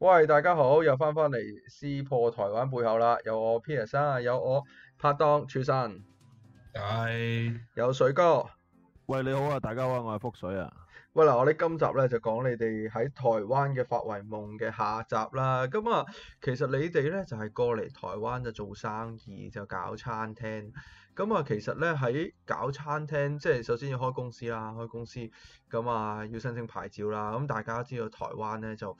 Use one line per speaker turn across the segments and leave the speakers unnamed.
喂，大家好，又翻返嚟撕破台灣背後啦，有我 Peter 生，有我拍檔楚生，係，Hi. 有水哥，喂，你好啊，大家好，我係福水啊，喂嗱，我哋今集咧就講你哋喺台灣嘅發圍夢嘅下集啦，咁、嗯、啊，其實你哋咧就係、是、過嚟台灣就做生意，就搞餐廳，咁、嗯、啊，其實咧喺搞餐廳，即係首先要開公司啦，開公司，咁、嗯、啊，要申請牌照啦，咁、嗯、大家知道台灣咧就。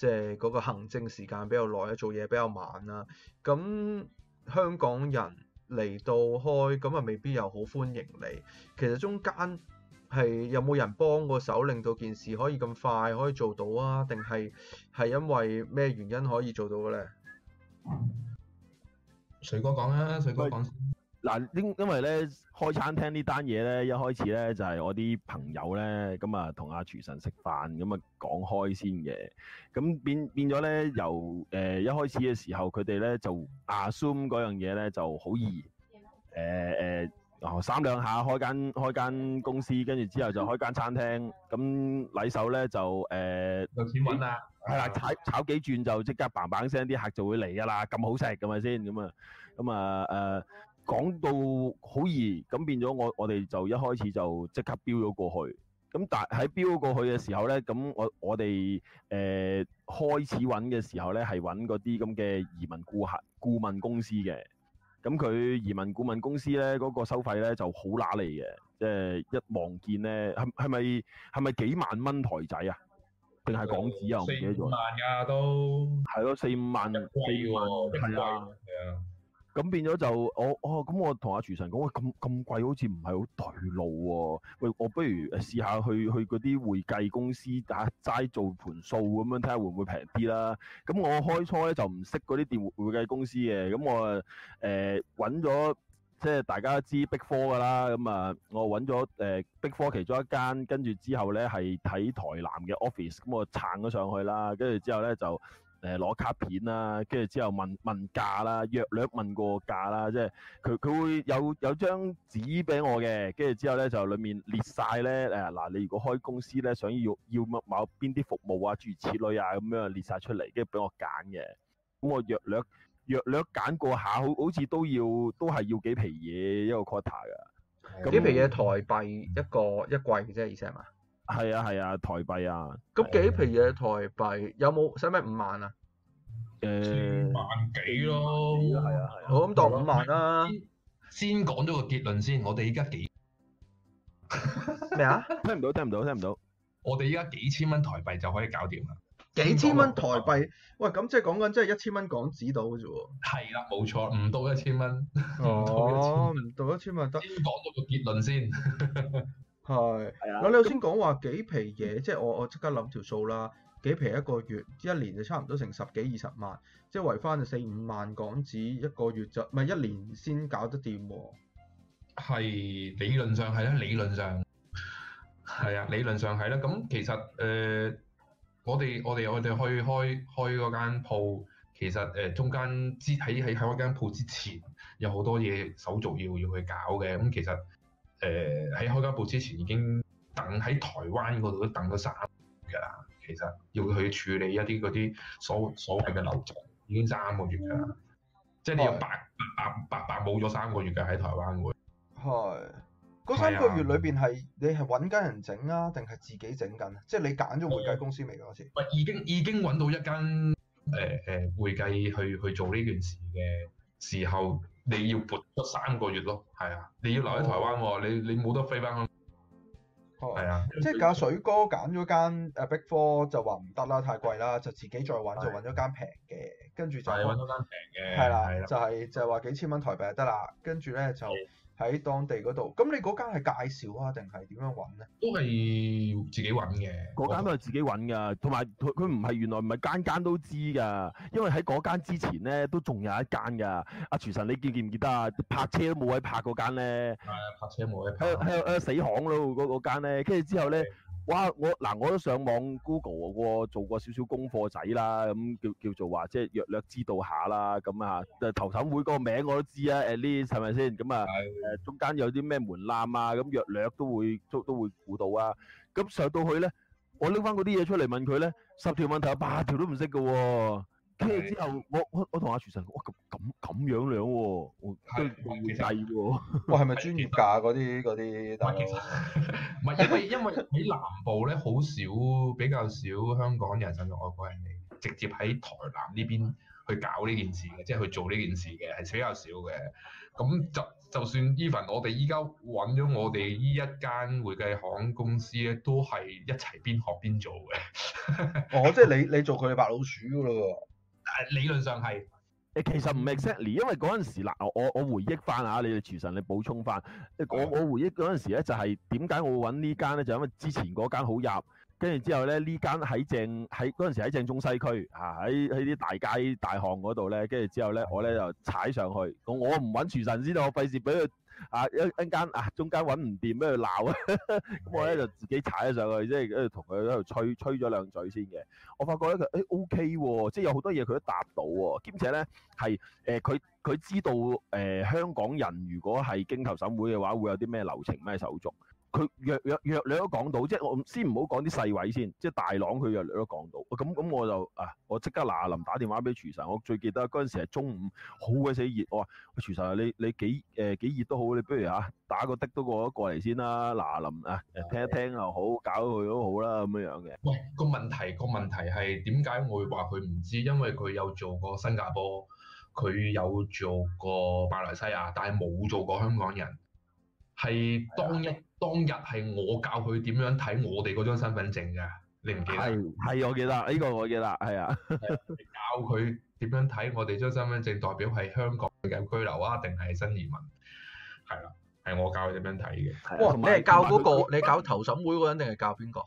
即係嗰個行政時間比較耐啊，做嘢比較慢啦。咁香港人嚟到開，咁啊未必又好歡迎你。其實中間係有冇人幫個手，令到件事可以咁快可以做到啊？定係係因為咩原因可以做到嘅咧？
水哥講啊，水哥講。
嗱，因因為咧開餐廳呢單嘢咧，一開始咧就係我啲朋友咧，咁啊同阿廚神食飯，咁啊講開先嘅，咁變變咗咧，由誒一開始嘅時候，佢哋咧就 assume 嗰樣嘢咧就好易，誒誒哦三兩下開間開間公司，跟住之後就開間餐廳，咁禮手咧就誒有錢揾啊，係啦，炒炒幾轉就即刻 bang bang 聲，啲客就會嚟噶啦，咁好食噶嘛先，咁啊咁啊誒。講到好易咁變咗，我我哋就一開始就即刻標咗過去。咁但係標過去嘅時候咧，咁我我哋誒開始揾嘅時候咧，係揾嗰啲咁嘅移民顧客顧問公司嘅。咁佢移民顧問公司咧嗰個收費咧就好揦脷嘅，即係一望見咧係係咪係咪幾萬蚊台仔啊？定係港紙啊？我唔記得咗。萬㗎都。係咯，四五萬，四萬，係啊。係萬啊。的咁變咗就我，哦，我咁我同阿廚神講，啊，喂咁咁貴好似唔係好對路喎，喂，我不如誒試下去去嗰啲會計公司打齋做盤數咁樣睇下會唔會平啲啦。咁我開初咧就唔識嗰啲電會會計公司嘅，咁我誒揾咗即係大家都知 Big 4㗎啦，咁啊我揾咗誒 Big 4其中一間，跟住之後咧係睇台南嘅 office 咁，嗯，我撐咗上去啦跟住之後咧就。誒攞、呃、卡片啦，跟住之後問問價啦，約略問過價啦，即係佢佢會有有張紙俾我嘅，跟住之後咧就裡面列晒咧誒嗱，你如果開公司咧想要要乜某邊啲服務啊諸如此類啊咁樣列晒出嚟，跟住俾我揀嘅。咁我約略約略揀過下，好好似都要都係要幾皮嘢一個 quarter 噶。幾皮嘢台幣一個一季嘅啫，意思係嘛？係啊係啊，台幣啊，
咁、啊、幾皮嘢台幣，有冇使咩五萬啊？誒、嗯，萬幾咯，係啊係啊，我咁當五萬啦。
先講咗個結論先，我哋依
家幾
咩 啊？聽唔到，聽唔到，聽唔到。我哋依家幾千蚊
台幣就可以搞掂啦。幾千蚊台幣，喂，咁即係講緊即係一千蚊港紙到嘅
啫。係啦、啊，冇錯，唔到一千蚊。 哦，唔到一千
萬得。先講咗個
結論先。
係，嗱你頭先講話幾皮嘢，即、就、係、是、我我即刻諗條數啦，幾皮一個月，一年就差唔多成十幾二十萬，即係圍返就四五萬港紙一個月就，唔係一年先搞得掂喎、
啊。係理論上係啦，理論上係啊，理論上係啦。咁其實誒、呃，我哋我哋我哋去開開嗰間鋪，其實誒、呃、中間之喺喺喺嗰間鋪之前，有好多嘢手續要要去搞嘅。咁其實。誒喺、uh, 開家鋪之前已經等喺台灣嗰度都等咗三個月㗎啦，其實要去處理一啲嗰啲所所謂嘅流賬，已經三個月㗎啦，即係你要白白白白冇咗三個月嘅喺台灣會係，嗰三個月裏
邊係你係揾間人整啊，定係自己整緊、啊？即係你揀咗會
計公司未嗰時？已經已經揾到一間誒誒、呃、會計去去做呢件事嘅時候。你要撥出三個月咯，係啊，你要留喺台灣喎、哦，你你冇得飛翻香港，啊、哦，的即係
架水哥揀咗間誒，Big Four 就話唔得啦，太貴啦，就自己再揾的，就揾咗間平嘅，跟住就係揾
咗間平嘅，係啦，
就係就係話幾千蚊台幣就得啦，跟住咧就。喺當地嗰度，咁你嗰間係介紹啊，定係點樣揾咧？
都係自己揾嘅，嗰間都係自己揾㗎。同埋佢佢唔係原來唔係間間都知㗎，因為喺嗰間之前咧都仲有一間㗎。阿、啊、廚神你記記唔記得啊？拍車都冇位拍嗰間咧，係啊，拍車冇喺拍，誒誒 死巷咯嗰間咧，跟、那、住、個那個、之後咧。 哇！我嗱我都上網 Google 喎，做過少少功課仔啦，咁叫叫做話即係約略知道下啦，咁啊，誒投審會個名我都知啊，誒呢係咪先？咁啊，誒中間有啲咩門檻啊，咁約略都會都都會估到啊。咁上到去咧，我拎翻嗰啲嘢出嚟問佢咧，十條問題有八條都唔識㗎喎。後之後，我我同阿廚神，哇咁咁咁樣樣喎、啊，我都會計喎，哇係咪專業㗎？嗰
啲
嗰啲，唔係，唔係， 因為因為喺南部咧，好少比較少香港人甚至外國人嚟，直接喺台南呢邊去搞呢件事嘅，即係對去做呢件事嘅，係比較少嘅。咁就就算 even 我哋依家揾咗我哋呢一間會計行公司咧，都係一齊邊學邊做嘅。
哦，即係你你做佢嘅白老鼠㗎咯
但誒理
論上係誒其實唔 exactly，嗯，因為嗰陣時嗱，我我回憶翻啊，你哋廚神你補充翻，我我回憶嗰陣時咧就係點解我揾呢間咧，就係、因為之前嗰間好入，跟住之後咧呢間喺正喺嗰陣時喺正中西區啊，喺喺啲大街大巷嗰度咧，跟住之後咧我咧就踩上去，咁我唔揾廚神先啦，我費事俾佢。啊，一陣間啊中間揾唔掂，俾佢鬧啊！咁、 嗯、我咧就自己踩咗上去，即係跟住同佢喺度吹吹咗兩嘴先嘅。我發覺咧佢、欸、OK 喎、哦，即係有好多嘢佢都答到喎、哦，兼且咧係誒佢佢知道誒、呃、香港人如果係經頭審會嘅話，會有啲咩流程咩手續？佢約約約，你都講到，即係我先唔好講啲細位先，即係大朗佢約約都講到，咁咁我就啊，我即刻嗱臨打電話俾廚神，我最記得嗰陣時係中午，好鬼死熱，我話廚神你你幾誒幾熱都好，你不如嚇打個的都過一過嚟先啦，嗱臨啊聽一聽又好，搞佢都好啦咁樣樣嘅。喂，
個問題個問題係點解我會話佢唔知？因為佢有做過新加坡，佢有做過馬來西亞，但係冇做過香港人，係當一。當日係我教佢點樣睇我哋嗰張身份證嘅，你唔記得？
係係我記得，呢、這個我記得，係啊。
教佢點樣睇我哋張身份證，代表係香港有居留啊，定係新移民？係啦、啊，係我教佢點樣睇嘅、啊。你係教嗰、那個，你教投審會嗰個人定係教邊個？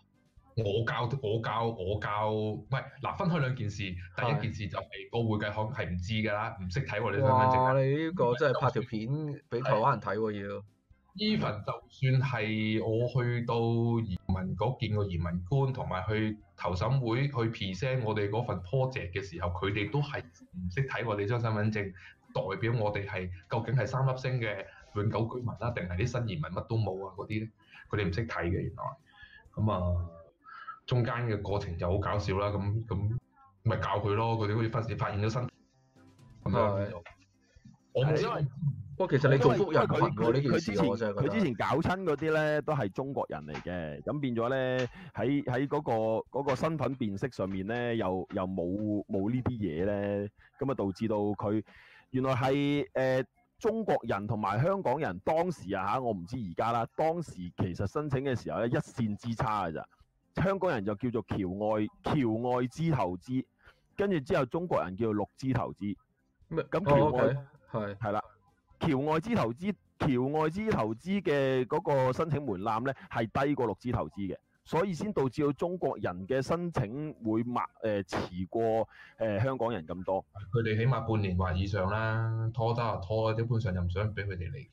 我教我教我教，唔係嗱，分開兩件事。第一件事就係個會計行係唔知㗎啦，唔識睇我哋身份證。哇嘩！你呢個真係拍條片俾台灣人睇喎、啊，啊、要。依份就算係我去到移民局見個移民官，同埋去投審會去 present 我哋嗰份 project 嘅時候，佢哋都係唔識睇我哋張身份證，代表我哋係究竟係三粒星嘅永久居民啦，定係啲新移民乜都冇啊嗰啲，佢哋唔識睇嘅原來。咁啊，中間嘅過程就好搞笑啦。咁咁，咪搞佢咯。佢哋好似忽時發現咗新，
我冇因不過其實你做屋人犯佢之前
搞親嗰啲呢都係中國人嚟嘅，咁變咗呢，喺喺嗰個、嗰個身份辨識上面呢，又又冇冇呢啲嘢呢。咁啊導致到佢原來係誒、呃、中國人同埋香港人當時啊吓，我唔知而家啦，當時其實申請嘅時候咧一線之差嘅咋，香港人就叫做僑外僑外資投資，跟住之後中國人叫做陸資投資，咁僑外係係啦。橋外資投資，橋外資投資嘅嗰個申請門檻咧係低過六資投資嘅，所以先導致到中國人嘅申請會慢誒、呃、遲過誒、呃、香港人咁多。佢哋起碼半年或以上啦，
拖得就拖，基本上又唔想俾佢哋嚟嘅。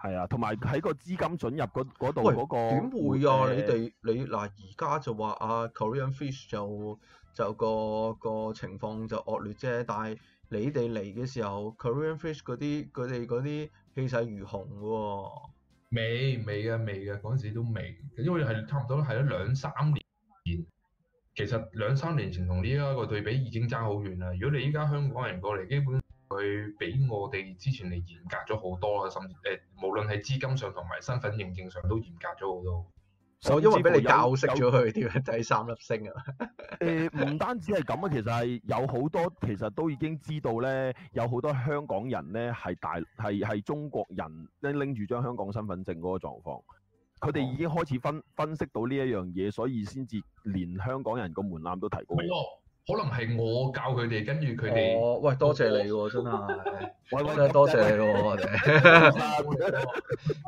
係啊，同埋喺個資金准入嗰度嗰個點會啊？你哋
你嗱而家就話啊
，Korean fish 就就個個情況就惡劣啫，但係。你哋嚟嘅時候，Korean fish 嗰啲佢哋啲氣勢如虹喎、
哦，未未嘅未嘅嗰陣時都未，因為係差唔多係一兩三年前，其實兩三年前同而家個對比已經爭好遠啦。如果你而家香港人過嚟，基本佢比我哋之前嚟嚴格咗好多啦，甚至誒無論係資金上同埋身份認證上都嚴格咗好多。因為俾你教識咗佢，條
仔三粒星啊？誒、 呃，唔單止係咁啊，其實係有好多，其實都已經知道咧，有好多香港人咧係大係係中國人，拎拎住張香港身份證嗰個狀況，佢哋已經開始分分析到呢一樣嘢，所以先至連香港人個門檻都提高。可能係我教佢哋，跟住佢哋。哦，喂，多謝你喎，真係。喂，真係多謝你喎，我哋。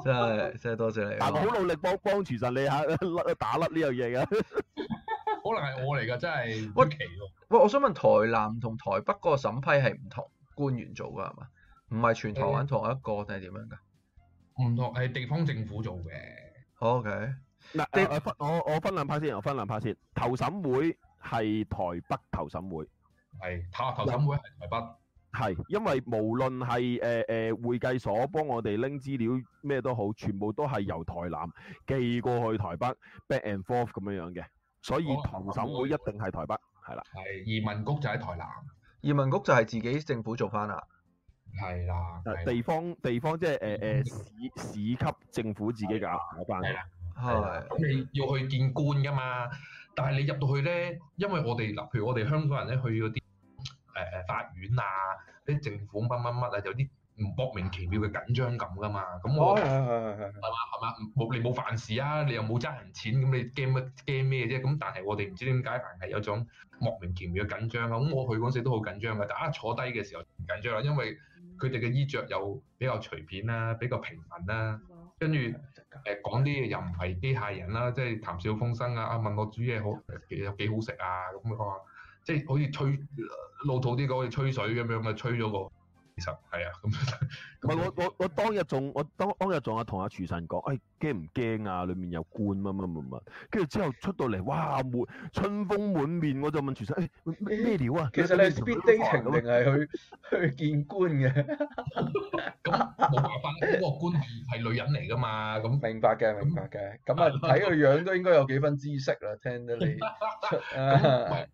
真係，
真係多謝你。但係好努力幫幫住實你吓，甩打甩呢樣嘢噶。
可能係我嚟噶，真係。喂，屈奇
喎。喂，我想問台南同台北個審批係唔同官員做噶係嘛？唔係全台灣同一一個定係點樣噶？
唔同係地方政府做嘅。
OK。嗱，分我我分兩派先，我分兩派先。投審會。係台北投審會，係台投審會係台北，係因為無論係誒誒會計所幫我哋拎資料咩都好，全部都係由台南寄過去台北 back and forth 咁樣樣嘅，所以投審、哦、會一定係台北，係啦、哦，
係移民局就喺台南，
移民局就係自己政府做翻啦，
係啦地，地
方地方即係誒誒市市級政府自己搞搞翻嘅，係，咁你、嗯、Okay.
要去見官噶嘛？但係你入到去咧，因為我哋嗱，譬如我哋香港人咧去嗰啲誒誒法院啊，啲政府乜乜乜啊，有啲唔莫名其妙嘅緊張感㗎嘛。咁、嗯、我係係係係嘛係嘛，冇、oh, yeah, yeah, yeah, yeah. 你冇犯事啊，你又冇揸人錢、啊，咁你驚乜驚咩啫？咁、啊、但係我哋唔知點解，凡係有種莫名其妙嘅緊張啊。咁、嗯、我去嗰陣時都好緊張㗎、啊，但係、啊、坐低嘅時候唔緊張啦、啊，因為佢哋嘅衣着又比較隨便啦、啊，比較平民啦，跟住。誒、呃、講啲嘢又唔係機械人啦，即係談笑風生啊！問我煮嘢好，有幾，幾好食啊？咁講，即係好似吹、呃、老土啲講，好似吹水咁樣嘅，吹咗個。
係啊，咁咪、嗯、我我我當日仲我當當日仲阿同阿廚神講，誒驚唔驚啊？裏面有官乜乜乜乜，跟住之後出到嚟，哇滿春風滿面，我就問廚神，誒咩料啊？其實你必經程定係去 去見官嘅，咁冇 辦法，嗰、嗰個
官係係女人嚟噶嘛，咁明白嘅，明白嘅，咁啊睇個
樣都應該有幾分知識啦，
聽到你，咁唔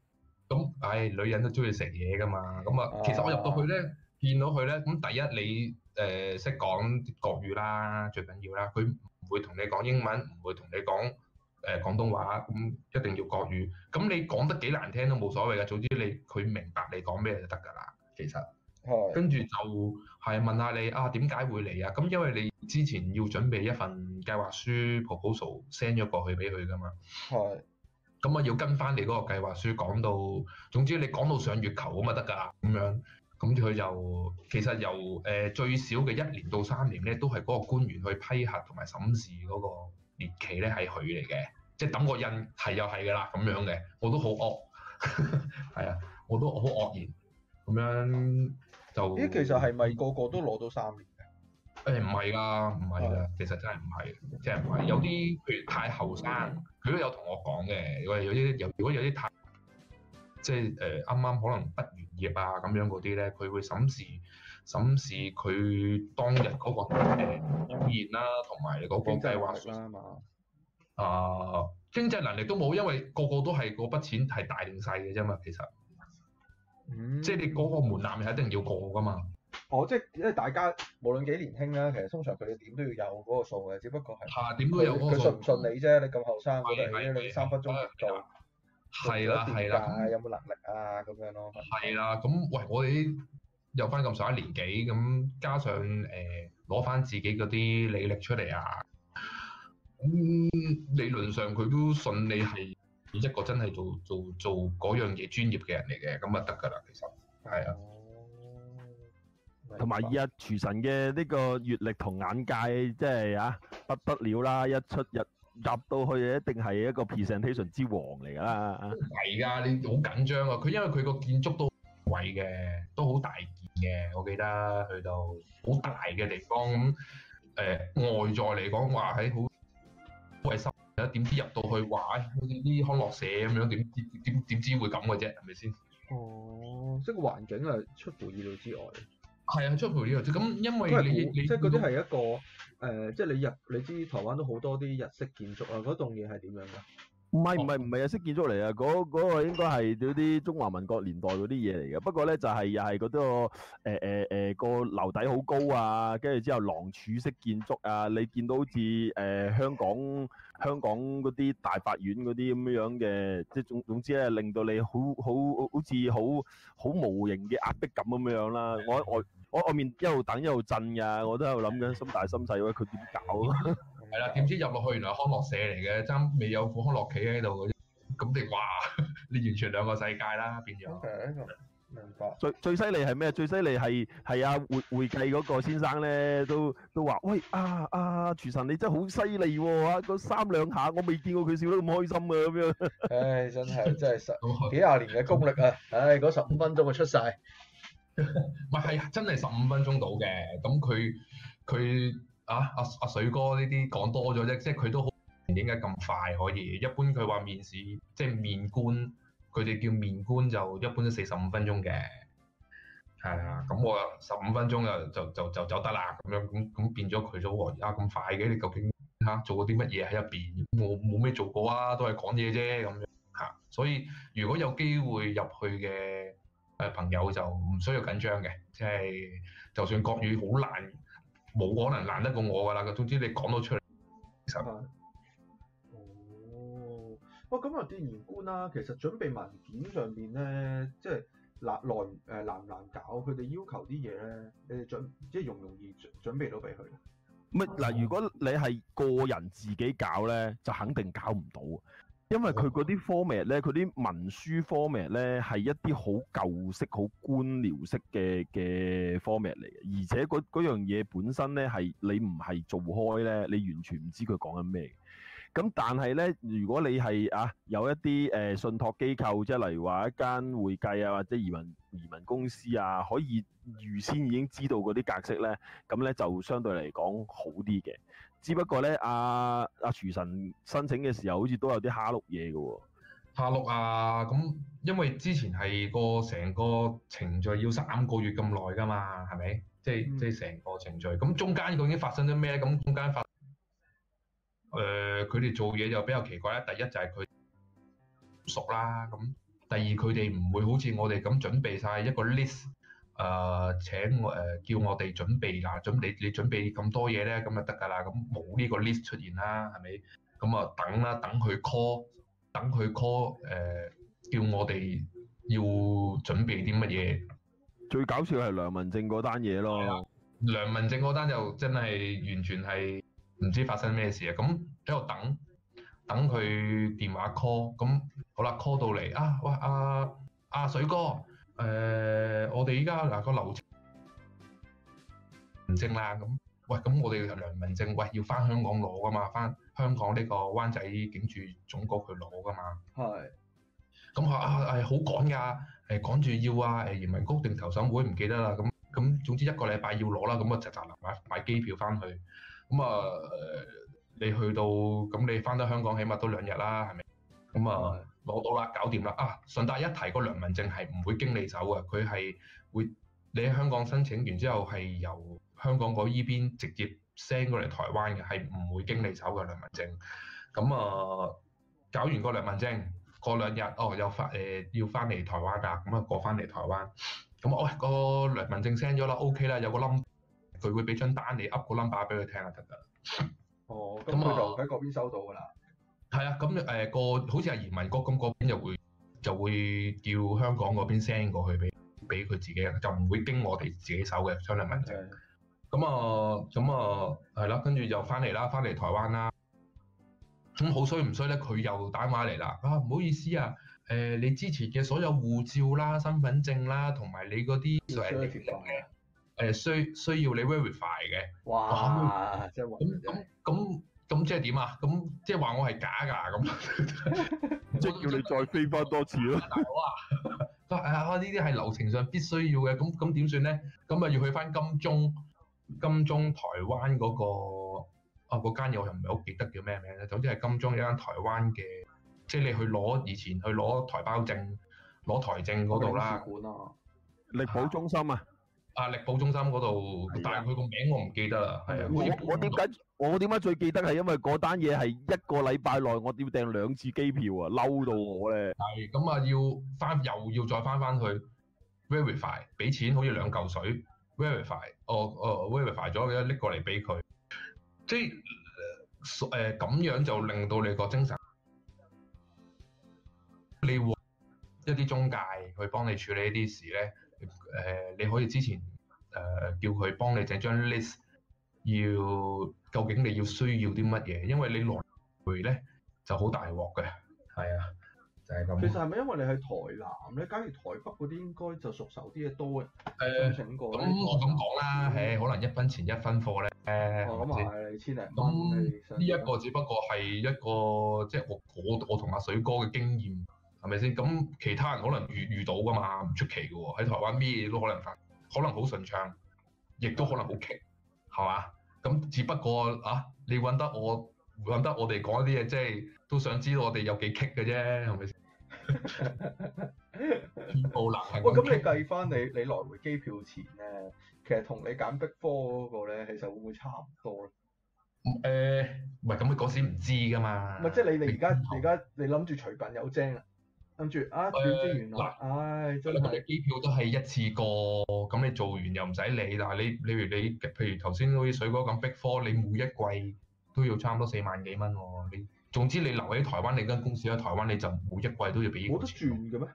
咁唉女人都中意食嘢噶嘛，咁啊其實我入到去咧。見到佢咧，咁第一你誒識講國語啦，最緊要啦。佢唔會同你講英文，唔會同你講誒、呃、廣東話，咁、嗯、一定要國語。咁你講得幾難聽都冇所謂噶，總之你佢明白你講咩就得㗎啦。其實，跟住就係問下你啊，點解會嚟啊？咁因為你之前要準備一份計劃書 proposal send 咗過去俾佢㗎嘛，係的。咁啊，要跟翻你嗰個計劃書講到，總之你講到上月球咁咪得㗎啦，咁樣。咁佢就其實由誒、呃、最少嘅一年到三年咧，都係嗰個官員去批核同埋審視嗰個年期咧，係佢嚟嘅，即係揼個印係又係嘅啦咁樣嘅，我都好惡，係 啊，我都好愕然咁樣就。咦，其
實係咪個個都攞到三年嘅？誒唔係㗎，唔係㗎，的其實真係
唔係，即係唔係，有啲譬如太後生，佢都有同我講嘅，我有啲有如果有啲太。即係誒，啱啱可能畢完業啊，咁樣嗰啲咧，佢會審視審視佢當日嗰個誒語言啦，同埋嗰個計劃、啊。經濟啦嘛、啊。啊，經濟能力都冇，因為個個都係嗰筆錢係大定細嘅啫嘛，其實。即係你嗰個門檻係一定要過噶嘛。
哦、嗯，oh，即係因為大家無論幾年輕啦，其實通常佢哋點都要有嗰個數嘅，只不過係。嚇、啊！點都有個數。佢信唔信你啫？你咁後生，我哋睇你三分鐘唔係啦，係啦，
有冇能力啊咁樣咯。係啦，咁喂，我哋啲有翻咁上下年紀，咁加上誒攞翻自己嗰啲履歷出嚟啊，咁、嗯、理論上佢都信你係一個真係做做做嗰樣嘢專業嘅人嚟嘅，咁啊得㗎啦，其實。係啊。
同埋而家廚神嘅呢個閲歷同眼界，即、就、係、是、啊不得了啦，一出日。入到去一定係一個 presentation 之王嚟㗎喇，係㗎，你好
緊張啊！佢因為佢個建築都貴嘅，都好大件嘅，我記得去到好大嘅地方咁。誒、嗯呃、外在嚟講話喺好衞生，點、欸、知入到去話好似啲康樂社咁樣，點點點知會咁嘅啫，係咪先？
哦，即係個環境係出乎意料之外。係啊，出門料啫。咁因為你，你即係嗰啲係一個誒，即係你日，你知台灣都好多啲日式建築啊。嗰棟嘢係點樣㗎？
唔係唔係唔係日式建築嚟啊！嗰嗰個應該係嗰啲中華民國年代嗰啲嘢嚟嘅。不過咧，就係又係嗰個誒誒誒個樓底好高啊，跟住之後廊柱式建築啊，你見到好似誒香港香港嗰啲大法院嗰啲咁樣嘅，即係總總之咧，令到你好好好似好好無形嘅壓迫感咁樣樣啦。我我。我外面一路等一路震噶，我都喺度諗緊心大心細，喂佢點搞？
係啦，點知入落去原來康樂社嚟嘅，爭未有副康樂企喺度嘅啫。咁你話，你完全兩個世界啦，變咗。明白。
最最犀利係咩？最犀利係係啊會會計嗰個先生咧，都都話喂啊啊廚神，你真係好犀利喎！啊，嗰三兩下我未見過佢笑得咁開心啊，咁樣。唉，真係真
係十幾廿年嘅功力啊！唉，嗰十五分鐘就出晒。
唔係係啊，真係十五分鐘到嘅。咁佢佢啊啊啊水哥呢啲講多咗啫，即係佢都好，點解咁快可以？一般佢話面試即係、就是、面官，佢哋叫面官就一般都四十五分鐘嘅。係啊，咁我十五分鐘啊就就就走得啦咁樣。咁咁變咗佢咗喎，而家咁快嘅，你究竟嚇做過啲乜嘢喺入邊？我冇咩做過啊？都係講嘢啫咁樣嚇。所以如果有機會入去嘅。誒，朋友就唔需要緊張嘅，即、就、係、是、就算國語好難，冇可能難得過我㗎啦。總之你講到出嚟就得。
哦，喂、哦，咁啊電研官啦，其實準備文件上邊咧，即係難難誒難唔難搞？佢哋要求啲嘢咧，你哋準即係容唔容易準，準備到俾佢？
唔係嗱，如果你係個人自己搞咧，就肯定搞唔到。因為佢嗰啲 format 咧，佢啲文書 format 咧係一啲好舊式、好官僚式嘅嘅 format 嚟嘅，而且嗰樣嘢本身咧係你唔係做開咧，你完全唔知佢講緊咩。咁但係咧，如果你係啊有一啲誒、呃、信託機構，即係例如話一間會計啊，或者移民移民公司啊，可以預先已經知道嗰啲格式咧，咁咧就相對嚟講好啲嘅。只不過咧，阿、啊、阿、啊、廚神申請嘅時候，好似都有啲蝦碌嘢嘅喎。蝦碌啊，咁因為之前係個成個程序要三個月咁耐
㗎嘛，係咪？即係、嗯、即係成個程序，咁中間究竟經發生咗咩？咁中間發生，誒佢哋做嘢就比較奇怪啦。第一就係佢熟啦，咁第二佢哋唔會好似我哋咁準備晒一個 list。誒、呃、請我誒、呃、叫我哋準備啦，準備你準備咁多嘢咧，咁咪得㗎啦，咁冇呢個 list 出現啦，係咪？咁啊等啦，等佢 call，等佢 call 誒，叫我哋要準備啲乜嘢？
最搞笑係梁文正嗰單嘢咯、啊，
梁文正嗰單就真係完全係唔知發生咩事啊！咁喺度等，等佢電話 call，咁好啦，call 到嚟啊，喂啊阿、啊、水哥！誒，我哋依家嗱個流程驗證啦，咁喂，咁我哋良民證，喂要翻香港攞噶嘛，翻香港呢個灣仔警署總局去攞噶嘛。係。咁啊，係好趕噶，係趕住要啊，移民局定投審會唔記得啦，咁咁總之一個禮拜要攞啦，咁啊就立即買買機票翻去，咁啊你去到，咁你翻到香港起碼都兩日啦，係咪？咁啊。攞到啦，搞掂啦啊！順帶一提，個良民證係唔會經你手嘅，佢係會你喺香港申請完之後係由香港嗰依邊直接 send 過嚟台灣嘅，係唔會經你手嘅良民證。咁、嗯、啊，搞完個良民證，過兩日哦，有返誒要翻嚟台灣啊，咁啊過翻嚟台灣，咁啊喂，個良民證 send 咗啦，OK 啦，有個 number，佢會俾張單你 up 個 number 俾佢聽就得㗎啦！
哦，咁佢就喺嗰邊收到㗎啦。嗯啊
係啊，咁誒、嗯，那個好似係移民局咁，嗰邊就會就會叫香港嗰邊 send 過去俾俾佢自己，就唔會經我哋自己手嘅出入境文件咁啊，咁啊，係啦，跟住就翻嚟啦，翻嚟台灣啦。咁好衰唔衰咧？佢又打話嚟啦。啊，唔好意思啊，誒、呃，你之前嘅所有護照啦、身份證啦，同埋你嗰啲誒誒，需、呃、需要你 verify 嘅。哇！咁咁咁。咁即係點啊？咁即係話我係假㗎、啊，咁
即係叫你再飛翻多次咯。
大佬啊。啊呢啲係流程上必須要嘅，咁咁點算咧？咁啊要去翻金鐘，金鐘台灣嗰、那個啊嗰間嘢，那個、我又唔係好記得叫咩名咧。總之係金鐘一間台灣嘅，即係你去攞以前去攞台胞證，攞台證嗰度啦。管啊！力寶中心啊！啊！力保中心嗰度，的但係佢個名我唔記得啦。係啊，我我點
解裡我點解最記得係因為嗰單嘢係一個禮拜內，我要訂兩次機票啊！嬲到我咧。係
咁啊，要翻又要再翻翻去 verify，俾錢好似兩嚿水 verify，哦。哦哦 verify 咗嘅，拎過嚟俾佢。即係誒咁樣就令到你個精神，你會一啲中介去幫你處理一啲事咧。誒、呃，你可以之前誒、呃、叫佢幫你整張 list，要究竟你要需要啲乜嘢？因為你來回咧就好大鑊嘅，係啊，就係、是、咁。其
實係咪因為你係台南咧？假如台北嗰啲應該就熟手啲嘢多嘅，咁、呃嗯、我咁講
啦，誒、嗯，啊、可能一分錢一分貨咧。誒，咁啊，千零
蚊。咁呢
一個只不過係一個，即、就、係、是、我我我同阿水哥嘅經驗。係咪先？咁其他人可能遇遇到噶嘛，唔出奇噶喎，哦。喺台灣咩嘢都可能發，可能好順暢，亦都可能好棘，係嘛？咁只不過啊，你揾得我揾得我哋講一啲嘢，即係都想知道我哋有幾棘嘅啫，係咪先？好難 喂，咁你計
翻你你來回機票錢咧，其實同你揀碧波嗰個咧，其實會唔會差唔多
咧？誒，唔係咁，嗰時唔知噶嘛。唔係即
係你哋而家而家你諗住隨便有精啊？跟住啊轉資源咯，呃唉
呃、你買機票都係一次過，咁你做完又唔使理。但係你你如你，你譬如頭先好似水果咁逼科，Four，你每一季都要差唔多四萬幾蚊喎。你總之你留喺台灣，你間公司喺台灣，你就每一季都要俾。冇得轉嘅咩？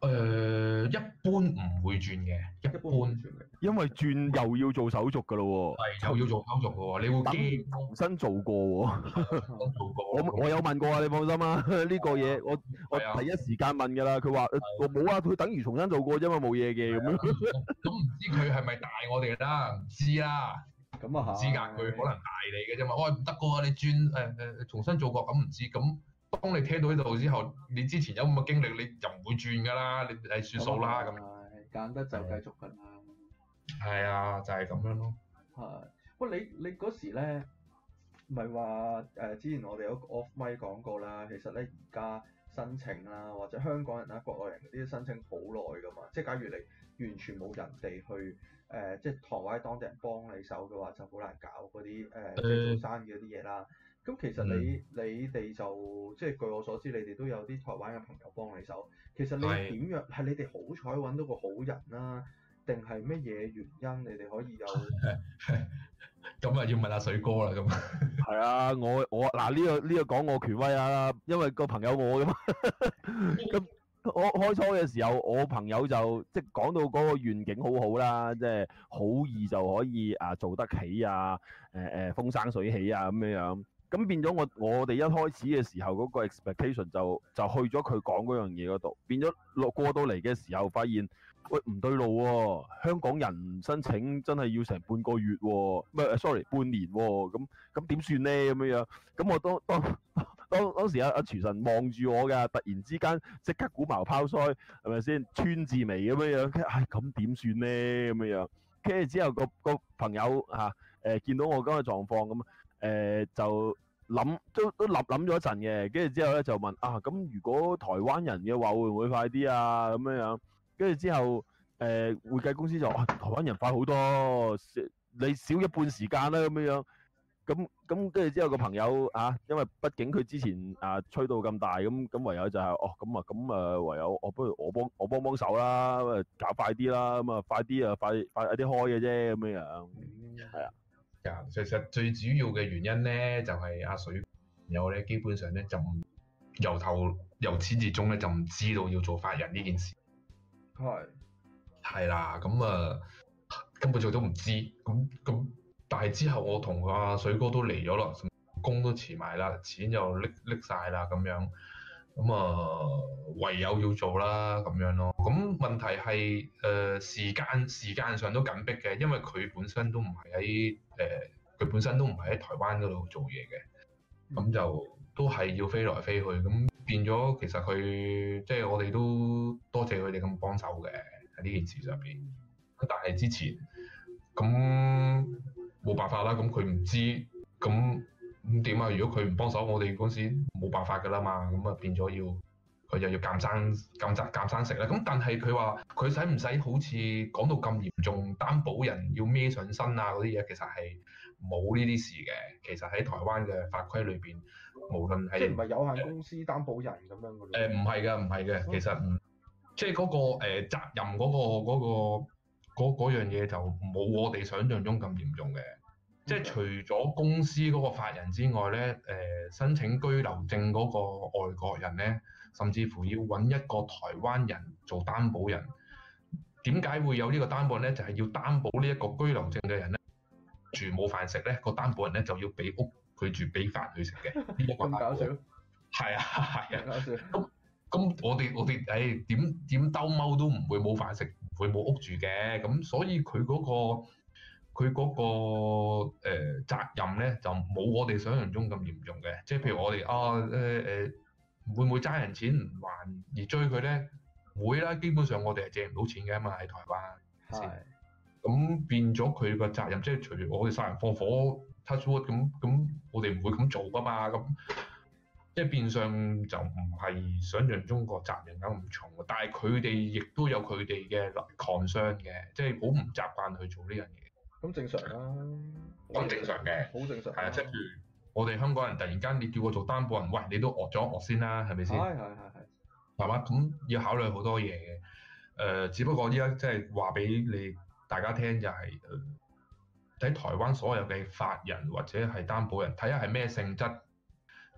誒一般唔會轉嘅，一般，一
般因為轉又要做手續嘅咯喎，又要做手續嘅喎，你會等重新做過喎 駛駛，我我有問過啊，你放心啊，呢、這個嘢我我第一時間問嘅啦，佢話的、哎、我冇啊，佢等於重新做過，因為冇嘢嘅咁樣、 啊，
咁唔知佢係咪大我哋得？唔知啦，咁啊唔知硬佢可能大你嘅啫嘛，喂唔得嘅喎，你, Rak, 你轉誒誒、呃呃、重新，新做過咁唔知咁。當你聽到呢度之後，你之前有咁嘅經歷，你就唔會轉噶啦，你係算數啦咁。
揀、嗯、樣得就繼續噶啦。
係、嗯、啊，就係、是、咁樣咯。
係、啊，喂，你你嗰時咧，唔係話誒，之前我哋有 off mic 講過啦，其實咧而家申請啦，或者香港人啦、國外人嗰啲申請好耐噶嘛。即係假如你完全冇人哋去誒、呃，即係台灣當地人幫你手嘅話，就好難搞嗰啲誒，即做生意嗰啲嘢啦。呃咁、嗯、其實你你哋就即係據我所知，你哋都有啲台灣嘅朋友幫你手。其實你點樣係你哋好彩揾到個好人啦、啊，定係乜嘢原因你哋可以有？
咁啊，要問阿水哥啦。咁
係啊，我我嗱呢個呢個講我權威啊，因為個朋友我嘛。咁 我開初嘅時候，我朋友就即係講到嗰個願景好好啦，即係好易就可以啊做得起啊，誒、啊、誒風生水起啊咁樣樣。咁變咗我我哋一開始嘅時候嗰個 expectation 就就去咗佢講嗰樣嘢嗰度，變咗落過到嚟嘅時候發現，喂唔對路喎！香港人申請真係要成半個月，唔係誒，sorry，半年喎。咁咁點算咧？咁樣樣，咁我當當當當時阿阿廚神望住我㗎，突然之間即刻鼓毛泡腮，係咪先？川字眉咁樣樣，唉，咁點算咧？咁樣樣，跟住之後個個朋友嚇誒見到我咁嘅狀況咁。誒就諗都都立諗咗一陣嘅，跟住之後咧就問啊，咁如果台灣人嘅話會唔會快啲啊？咁樣樣，跟住之後誒會計公司就話台灣人快好多，少你少一半時間啦，咁樣樣。咁咁跟住之後個朋友啊，因為畢竟佢之前啊吹到咁大，咁咁唯有就係哦咁啊咁啊唯有，我不如我幫我幫幫手啦，搞快啲啦，咁啊快啲啊快快快啲開嘅啫，咁樣樣。係啊。
其實最主要嘅原因呢，就係、是、阿、啊、水友咧，基本上咧就唔由頭由始至終咧就唔知道要做法人呢件事。係係啦，咁啊、嗯、根本就都唔知。咁、嗯、咁，嗯、但係之後我同阿水哥都嚟咗啦，工都辭埋啦，錢又拎拎曬啦，咁樣。咁啊，唯有要做啦，咁樣咯。咁問題係，誒、呃、時間時間上都緊迫嘅，因為佢本身都唔係喺誒，佢、呃、本身都唔係喺台灣嗰度做嘢嘅，咁就都係要飛來飛去，咁變咗其實佢即係我哋都多謝佢哋咁幫手嘅喺呢件事上邊。但係之前咁冇辦法啦，咁佢唔知咁。咁點啊？如果佢唔幫手，我哋公司冇辦法㗎啦嘛。咁啊變咗要佢又要減生減責減生食啦。咁但係佢話佢使唔使好似講到咁嚴重？擔保人要孭上身啊嗰啲嘢，其實係冇呢啲事嘅。其實喺台灣嘅法規裏邊，無論係唔係有限公司擔保人咁樣嘅誒，唔係嘅，唔係嘅。哦、其實、嗯、即係、嗰、嗰個誒、呃、責任嗰、嗰個嗰、嗰個、樣嘢就冇我哋想象中咁嚴重嘅。即係除咗公司嗰個法人之外咧，誒、呃、申請居留證嗰個外國人咧，甚至乎要揾一個台灣人做擔保人。點解會有呢個擔保人咧？就係、是、要擔保呢一個居留證嘅人咧住冇飯食咧，個擔保人咧就要俾屋佢住，俾飯佢食嘅。咁搞笑，係啊係啊，咁咁、啊、 我哋我哋誒點點兜踎都唔會冇飯食，唔會冇屋住嘅。咁所以佢嗰、嗰個。佢嗰、那個誒、呃、責任咧，就冇我哋想象中咁嚴重嘅。即係譬如我哋啊誒誒、呃，會唔會欠人錢唔還而追佢咧？會啦，基本上我哋係借唔到錢嘅嘛，喺台灣。係咁的變咗佢個責任，即係除咗我哋殺人放火 touch wood 咁咁，我哋唔會咁做噶嘛。咁即係變相就唔係想象中個責任咁重。但係佢哋亦都有佢哋嘅 concern 嘅，即係好唔習慣去做呢樣嘢。咁正常啦、啊，咁正,正常嘅，好正常，係啊，即係、就是、我哋香港人突然間你叫我做擔保人，喂，你都惡咗惡先啦，係咪先？係係係係，係、哎、嘛？咁、哎、要考慮好多嘢嘅，誒、呃，只不過依家即係話俾你大家聽就係、是，睇、呃、台灣所有嘅法人或者係擔保人，睇下係咩性質。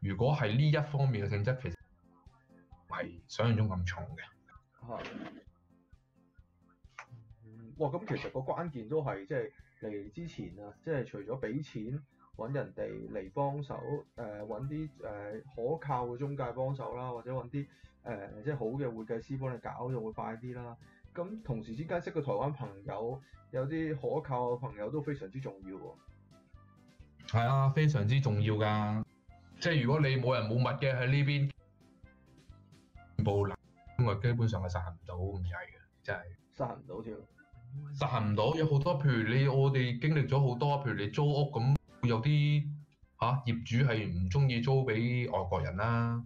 如果係呢一方面嘅性質，其實唔係想象中咁重嘅。
吓、哎，嗯，哇，咁其實個關鍵都係即係。就是嚟之前啊，即係除咗俾錢揾人哋嚟幫手，誒揾啲誒可靠嘅中介幫手啦，或者揾啲誒即係好嘅會計師幫你搞就會快啲啦。咁、嗯、同時之間識個台灣朋友，有啲可靠嘅朋友都非常之重要喎、
哦。係啊，非常之重要㗎。即係如果你冇人冇物嘅喺呢邊，冇啦，咁咪 基本上係實行唔到咁計嘅，真係實行唔到添。實行唔到，有好多譬如你，我哋經歷咗好多，譬如你租屋咁，有啲吓、啊，業主係唔中意租俾外國人啦。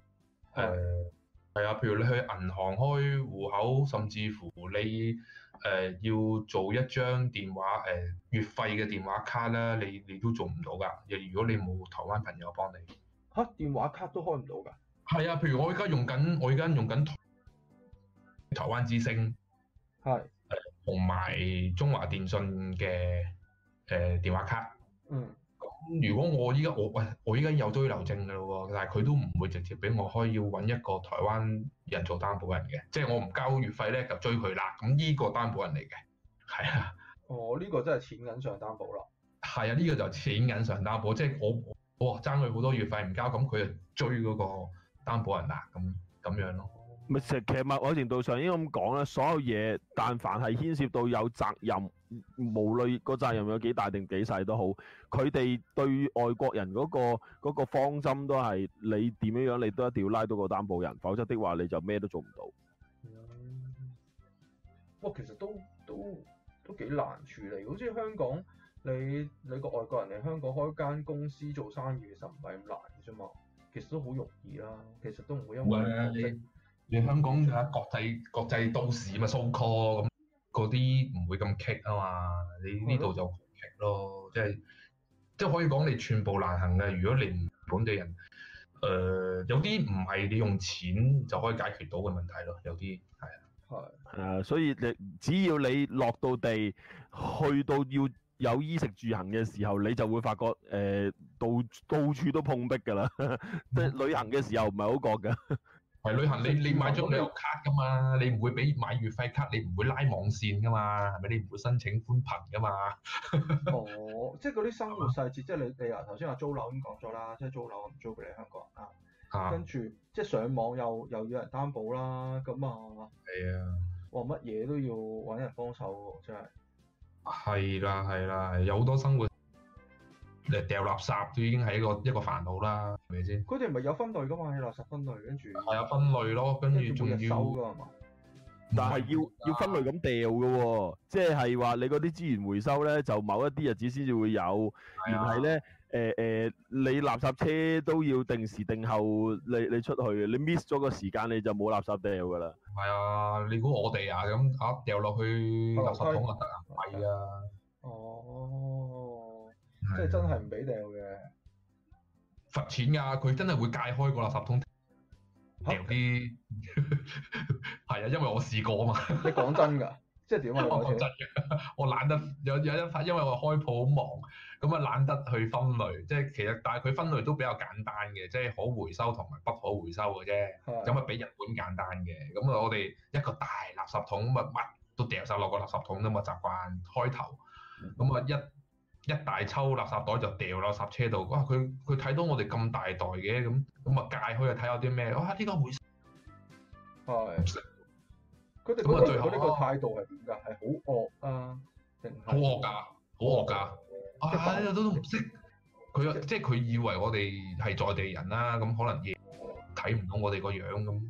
係係啊、呃，譬如你去銀行開戶口，甚至乎你誒、呃、要做一張電話誒、呃、月費嘅電話卡啦，你你都做唔到㗎。如果你冇台灣朋友幫你
嚇、啊、電話卡都開唔到㗎。
係啊，譬如我而家用緊，我而家用緊台灣之星。係、啊。同埋中華電信嘅誒電話卡，嗯，咁如果我依家我喂我依家有追留證嘅咯喎，但係佢都唔會直接俾我開，要揾一個台灣人做擔保人嘅，即係我唔交月費咧就追佢啦。咁、嗯、呢、這個擔保人嚟嘅，係啊，
我呢、哦這個真係錢銀上擔保啦，
係啊，呢、這個就係錢銀上擔保，即係我哇爭佢好多月費唔交，咁、嗯、佢就追嗰個擔保人啦，咁、嗯、咁樣咯。
咪其實，咪一定程度上應該咁講啦，所有嘢，但凡係牽涉到有責任，無論個責任有幾大定幾細都好，佢哋對外國人嗰、嗰個嗰個方針都係你點樣樣，你都一定要拉到個擔保人，否則的話你就咩都做唔到。不
過、嗯、其實都都都，都幾難處理。好似香港，你你個外國人嚟香港開間公司做生意，其實唔係咁難嘅啫嘛。其實都好容易啦、啊。其實都唔會因為
你香港嘅國際國際都市啊嘛，so-called 咁嗰啲唔會咁棘啊嘛，你呢度就棘咯，即係即係可以講你寸步難行嘅。如果連本地人，誒、呃、有啲唔係你用錢就可以解決到嘅問題咯，有啲係係誒，
所以你只要你落到地，去到要有衣食住行嘅時候，你就會發覺誒、呃、到到處都碰壁㗎啦。 即係旅行嘅時候唔係好覺㗎。係旅行，你你買咗旅遊
卡噶嘛？你唔會俾買月費卡，你唔會拉網線噶嘛？係咪？你唔會申請寬頻噶嘛？
哦，即係嗰啲生活細節，即係你你啊頭先話租樓已經講咗啦，即係租樓唔租俾你香港人啊，跟住即係上網又又要人擔保啦，咁啊係啊，哇、啊！乜嘢、哦、都要搵人幫手喎，真係
係啦係啦，有好多生活。嚟掉垃圾都已經係一個
一個煩惱啦，係咪
先？佢哋唔係有分類㗎嘛？垃圾分類跟住
係有分類咯，跟住
仲要，但係要、啊、要分類咁掉嘅喎，即係話你嗰啲資源回收咧，就某一啲日子先至會有，而係咧，誒誒、呃呃，你垃圾車都要定時定候你你出去嘅，你 miss 咗個時間你就冇垃圾掉嘅啦。係啊，你估我哋啊咁啊掉落去垃圾
桶就得啊？係啊。哦、啊。即係真係唔
俾掉嘅，罰錢㗎、啊！佢真係會解開個垃圾桶掉啲，係 啊，因為我試過啊嘛。你 講真㗎？即係點啊？我講真嘅，我懶得有有一，因為我開鋪好忙，咁啊懶得去分類。即係其實，但係佢分類都比較簡單嘅，即係可回收同埋不可回收嘅啫，咁啊的比日本簡單嘅。咁啊，我哋一個大垃圾桶，乜乜都掉晒落個垃圾桶啫嘛。習慣開頭，咁啊、嗯、哼一。一大抽垃圾袋就掉落垃圾車度，哇！佢佢睇到我哋咁大袋嘅，咁咁啊界佢啊睇下啲咩？哇！點解會？係、啊，佢哋咁啊最後呢個態度係點㗎？係好惡啊，定係好惡㗎，好惡㗎、啊！啊，都唔識佢，即係佢以為我哋係在地人啦，咁可能夜睇唔到我哋個樣咁，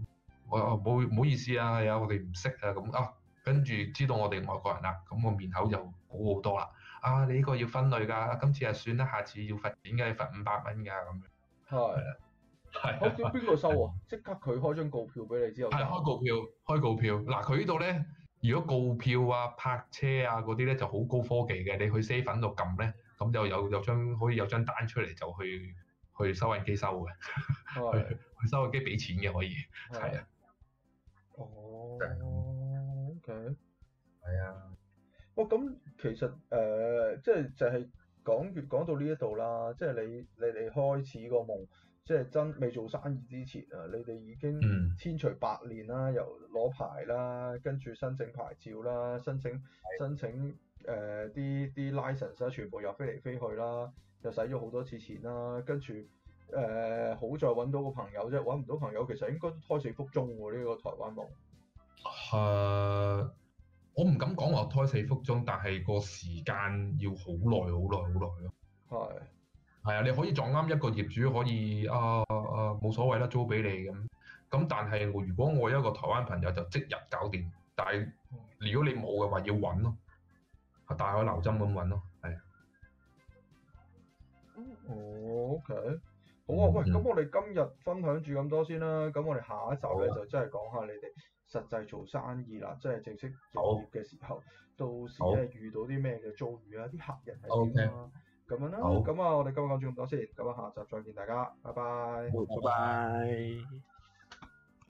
我冇唔好意思啊，係啊，我哋唔識啊，咁啊，跟住知道我哋外國人啦，咁個面口就好好多啦。啊！你呢個要分類㗎，今次就算啦，下次要罰錢，點解你要罰五百蚊㗎咁樣？係，係。咁叫邊個
收啊？即刻佢開張告票俾你之後。係開告
票，開告票。嗱、啊，佢呢度咧，如果告票啊、泊車啊嗰啲咧，就好高科技嘅。你去 s a v 粉度撳咧，咁就有有張可以有張單出嚟，就、嗯、去去收銀機收嘅。去收銀機俾錢嘅可以，係啊、嗯。Okay. 哦，OK。係啊。哇！咁～
其實誒，即、呃、係就係、是、講越講到呢一度啦，即、就、係、是、你你哋開始個夢，即、就、係、是、真未做生意之前啊，你哋已經千錘百煉啦，又攞牌啦，跟住申請牌照啦，申請申請誒啲啲 license 啊，全部又飛嚟飛去啦，又使咗好多次錢啦，跟住誒、呃、好在揾到個朋友啫，揾唔到朋友其實應該胎死腹中喎呢、這個台灣夢。
係、uh。我唔敢講話胎死腹中，但係個時間要好耐、好耐、好耐咯。係的，係啊，你可以撞啱一個業主可以啊啊，冇、啊、所謂啦，租俾你咁。咁但係，如果我一個台灣朋友就即日搞掂。但係，如果你冇嘅話，要揾咯，係大海撈針咁揾咯，係。
嗯，哦，OK，好啊，嗯、喂，咁我哋今日分享住咁多先啦、啊。咁我哋下一集咧就真係講下你哋，實際做生意啦，即係正式營業嘅時候，好到時咧遇到啲咩嘅遭遇啊，啲客人係點啊，咁 okay, 樣啦。好，咁啊，我哋今日講住咁多先，咁啊，下集再見大家，拜拜，好拜拜。拜
拜。